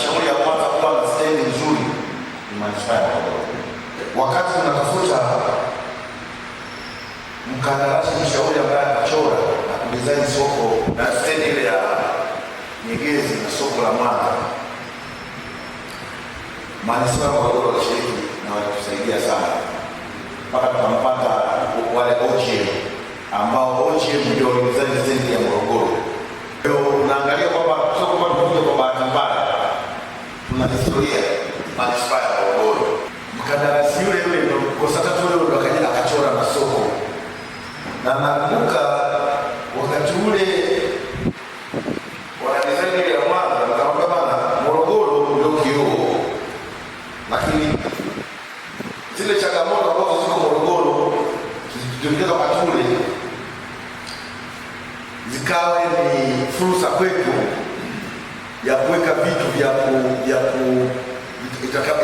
halmashauri ya kwanza kuwa na stendi nzuri ni manispaa ya Morogoro. Wakati unatafuta mkandarasi mshauri ambaye atachora na kudesign soko na stendi ile ya Nyegezi na soko la Mwanza, manispaa ya Morogoro walishiriki na walitusaidia sana mpaka tukampata wale OGM ambao OGM ndio walidesign mwanahistoria manispaa ya Morogoro. Mkandarasi yule yule ndo kosa tatu yule ndo akaja akachora masoko, na nakumbuka wakati ule wanadizani ya mwanza nikamwambia, bana, Morogoro ndio kioo, lakini zile changamoto ambazo ziko Morogoro zilitokea wakati ule zikawe ni fursa kwetu ya kuweka vitu vya vya ku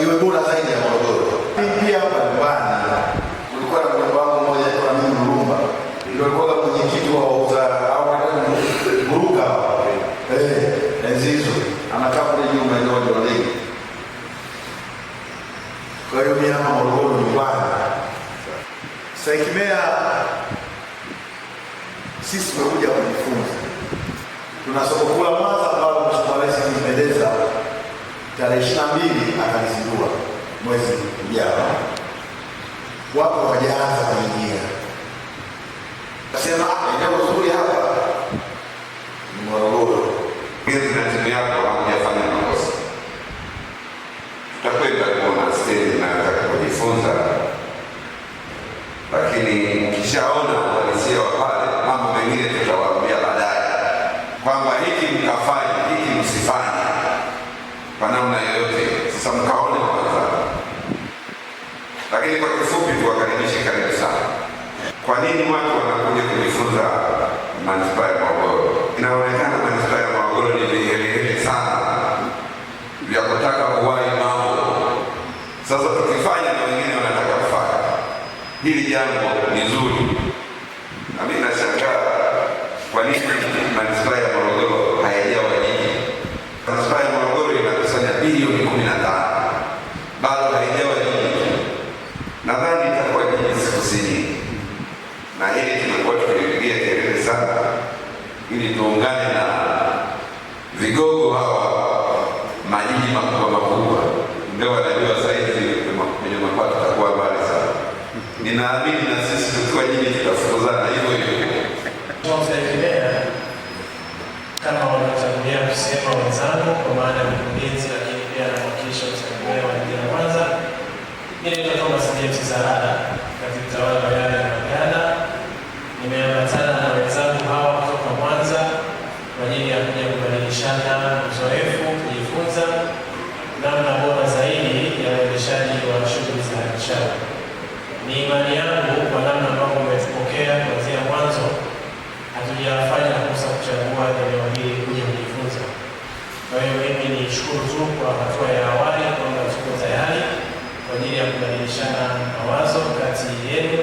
iwe bora zaidi ya Morogoro. Pia hapa nyumbani kulikuwa na mjomba wangu mmoja kwa mimi Mrumba, ndio alikuwa mwenyekiti wa wauza au Mruka eh, enzi hizo anakaa kule juu maeneo ya Lodei. Kwa hiyo mimi hapa Morogoro nyumbani. Saikimea sisi tumekuja kujifunza, tuna soko kula Mwanza Mwasengereza tarehe ishirini na mbili mwezi ujao, wapo wajaanza kuingia. Kasema ah, eneo zuri hapa ni Morogoro. Gezi na timu yako hakujafanya makosa, tutakwenda kuona stendi nataka kujifunza, lakini mkishaona uhalisia wa pale, mambo mengine tutawaambia baadaye kwamba hiki mkafanya kwa namna yoyote. Sasa mkaone kwanza, lakini kwa kifupi tuwakaribishe, karibu sana. Kwa nini watu wanakuja kujifunza manispaa ya Morogoro? Inaonekana manispaa ya Morogoro ni vihelehele sana vya kutaka kuwahi mambo. Sasa tukifanya na wengine wanataka kufanya hili jambo, ni zuri nami nashangaa kwa nini ili tuungane na vigogo hawa majiji makubwa makubwa, ingawa najua saizi kwenye mapato tutakuwa mbali sana. Ninaamini na sisi tukiwa nyinyi tutafukuzana hivyo hivyo kama wanatangulia kusema wenzangu, kwa maana ya mkurugenzi, lakini pia anawakilisha msajili wa Kwanza, ili tutatoa msaada katika utawala wa ajili ya kuja kubadilishana uzoefu, kujifunza namna bora zaidi ya uendeshaji wa shughuli za halmashauri. Ni imani yangu kwa namna ambavyo umetupokea kuanzia mwanzo, hatujafanya kosa kuchagua eneo hili kuja kujifunza. Kwa hiyo mimi nishukuru tu kwa hatua ya awali kwamba tuko tayari kwa ajili ya kubadilishana mawazo kati yenu,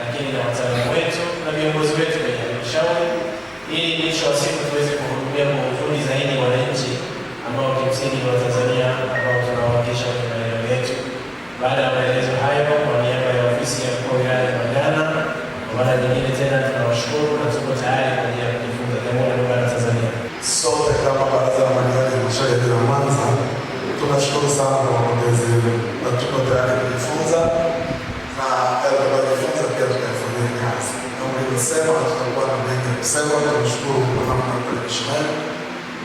lakini na wataalamu wetu na viongozi wetu kwenye halmashauri ili mwisho wa siku tuweze kuwajengwa uzuri zaidi wananchi ambao kimsingi ni Watanzania ambao tunawakilisha kwenye maeneo yetu. Baada ya maelezo hayo, kwa niaba ya ofisi ya mkoa wa wilaya kwa mara nyingine tena tunawashukuru na tuko tayari kwa ajili ya kujifunza Jamhuri ya Muungano wa Tanzania. Sote kama Baraza la Madiwani ya Halmashauri ya Mwanza tunashukuru sana kwa mapokezi yenu na tuko tayari kujifunza na eh, tunajifunza pia tunafanyia kazi, kama nilivyosema, tutakuwa na mengi ya kusema. Tunashukuru biashara,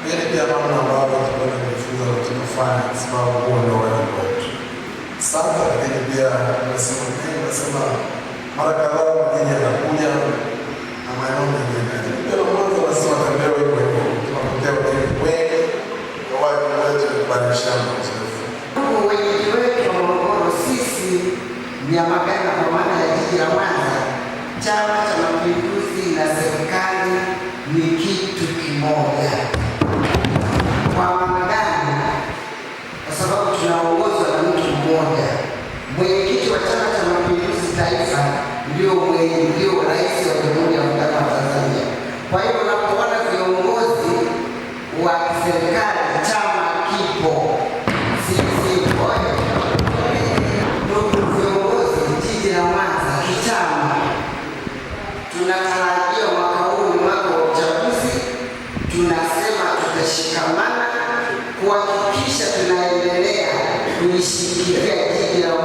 yaani pia namna ambavyo tunaweza kujifunza katika finance, sababu huo ndio wengi wetu sasa. Lakini pia nasema mimi nasema mara kadhaa mwenyeji anakuja na maeneo mengine, lakini pia mwanzo nasema tembea hivyo hivyo, tunapokea wengi wengi kwa watu wetu kubadilishana uzoefu wenyeji wetu wa Morogoro sisi Nyamagana, kwa maana ya jiji la Mwanza, Chama cha Mapinduzi na kimoja. Kwa maana gani? Kwa sababu tunaongozwa na mtu mmoja. Mwenyekiti wa Chama cha Mapinduzi Taifa ndio ndio rais wa Jamhuri ya Muungano wa Tanzania. Kwa hiyo unapoona viongozi wa kiserikali Mheshimiwa Fred Kila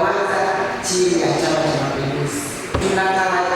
chini ya Chama cha Mapinduzi. Tunatarajia